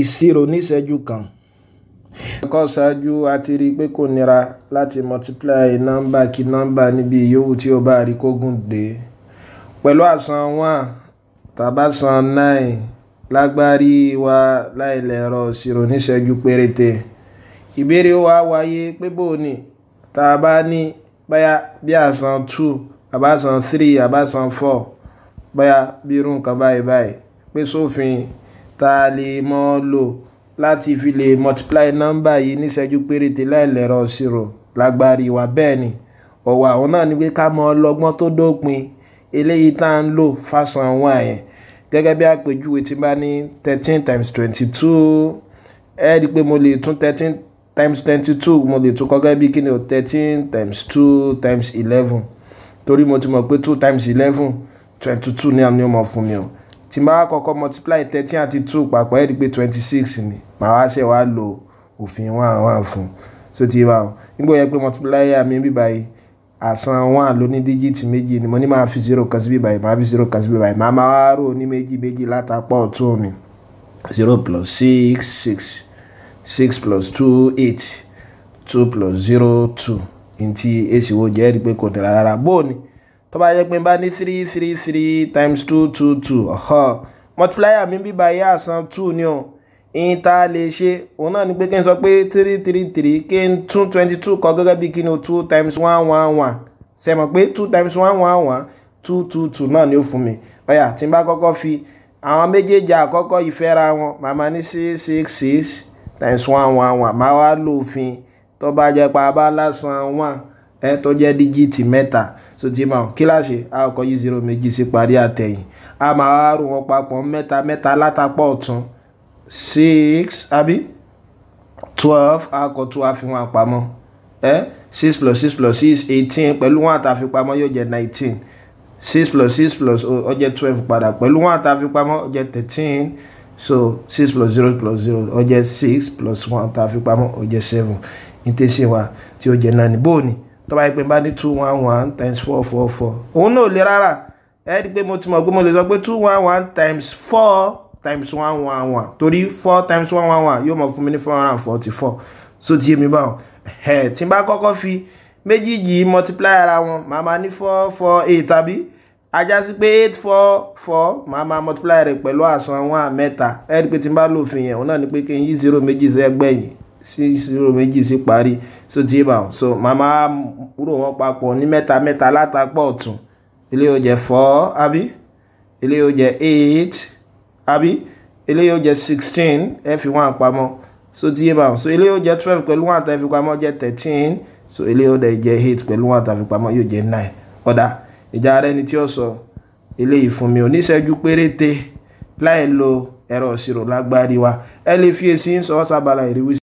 ìṣirò níṣẹ́jú kan ẹ̀kọ́ ṣáájú a ti rí i pé kò nira láti multiply number, kí number. níbi ìyówù tí o bá rí kó gùn dé pẹ̀lú àsan one tàbá san nine lágbárí wa láìlẹ̀ ẹ̀rọ ìṣirò níṣẹ́jú péréte ìbéèrè wa wáyé pé bó o ní tá a bá ní báyà bí àsan two àbá san three àbá san four báyà bí irú nǹkan báyìí báyìí pé sófin. So tá a lè mọ́ lò láti fi lè multiply nọ́mbà yìí níṣẹ́jú péréte láìlẹ́rọ ṣírò lágbárí wa bẹ́ẹ̀ ni ọ̀wọ̀ àwọn náà ni pé ká mọ ọlọ́gbọ́n tó dópin eléyìí tá à ń lò fásán wọn àyẹn gẹ́gẹ́ bí àpèjúwe tí bá ní thirteen times twenty two ẹ rí i pé mo lè tún thirteen times twenty two mo lè tún kọ́ bí kí ni o thirteen times two times eleven torí mo ti mọ̀ pé two times eleven twenty two ni àmì ọmọ fún mi o tí máa kọ́kọ́ multiply thirteen àti two papọ̀ ẹ̀ rí pé twenty six ni màá wá ṣe wá lo òfin one one fún so ti wá o nígbà yẹ pé multiplier mi bíbá yìí àsan one ló ní díjìtì méjì ni mo ní máa fi zero kan sí bíbá yìí máa fi zero kan sí bíbá yìí máa máa wá rò ní méjì méjì látàpọ̀ ọ̀tún mi zero plus six six six plus two eight two plus zero two ntí èsì wo jẹ́ ẹ́ rí i pé kò dára rárá bóò ni tó bá yẹ pé n bá ní three three three times two two two multiplier mi bíbá yẹ àsan two ni o ìyìn tá a lè ṣe òun náà ni pé kí n sọ pé three three three kí n tún twenty two kọ gẹ́gẹ́ bí kí ni o two times one one one ṣe mọ̀ pé two times one one one two two two náà ni ó fún mi ó tí n bá kọ́kọ́ fi àwọn méjèèjì àkọ́kọ́ ìfẹ́ra wọn màmá ní six six six times one one one máa wá lòfin tó bá jẹ́ pa abá lásán one ẹ tó jẹ́ díjìtì mẹ́ta tó ti máa kíláàsì a kọ yí zero méjì sí parí àtẹ̀yìn a máa wá rò wọn papọ̀ mẹ́ta mẹ́ta látàpọ̀ ọ̀tún six àbí twelve a kọ two àfihàn àpamọ́ ẹ six plus six plus six eighteen pẹ̀lú one àtàfipamọ́ yóò jẹ́ nineteen six plus six plus ó jẹ́ twelve padà pẹ̀lú one àtàfipamọ́ ó jẹ́ thirteen so six plus zero plus zero ó six plus one tá a fi pamọ́ seven ní tẹsí wa tí ó jẹ́ náà ní bóòní tó bá bá ní two one one times four four four òun náà le rárá ẹ ẹ́ di pé mo ti mọ̀ pé mo lè sọ pé two one one times four times one one one torí four times one one one yóò mọ̀ fún mi ní four hundred and forty four so ti yé mi báwọn ẹ̀ tí n bá kọ́kọ́ fi méjì yìí multiply ara wọn màá máa ní four four eight tàbí ajá sí pé eight four four màá máa multiply rẹ̀ pẹ̀lú àsan one mẹ́ta ẹ rí i pé tí n bá lò fi yẹn òun náà ni pé kí n yí zero méjì sí sí ìṣirò méjì sí parí so ti bá wọn so màmá rò wọn papọ̀ ní mẹ́ta mẹ́ta látàpọ̀ ọ̀tún ilé yóò jẹ́ four àbí ilé yóò jẹ́ eight àbí ilé yóò jẹ́ sixteen ẹ fi one pamọ́ so ti bá wọn so ilé yóò jẹ́ twelve pẹ̀lú one tá ẹ fi pamọ́ jẹ́ thirteen so ilé yóò jẹ́ eight pẹ̀lú one tá a fi pamọ́ yóò jẹ́ nine ọ̀dà ìjà ara ẹni tí ó sọ ilé ìfúnmi oníṣẹ́jú péréte láì lo ẹ̀rọ ìṣirò lágbárí wa ẹ lè fi èsì ń sọ ọ́ sábàlá ìrírí.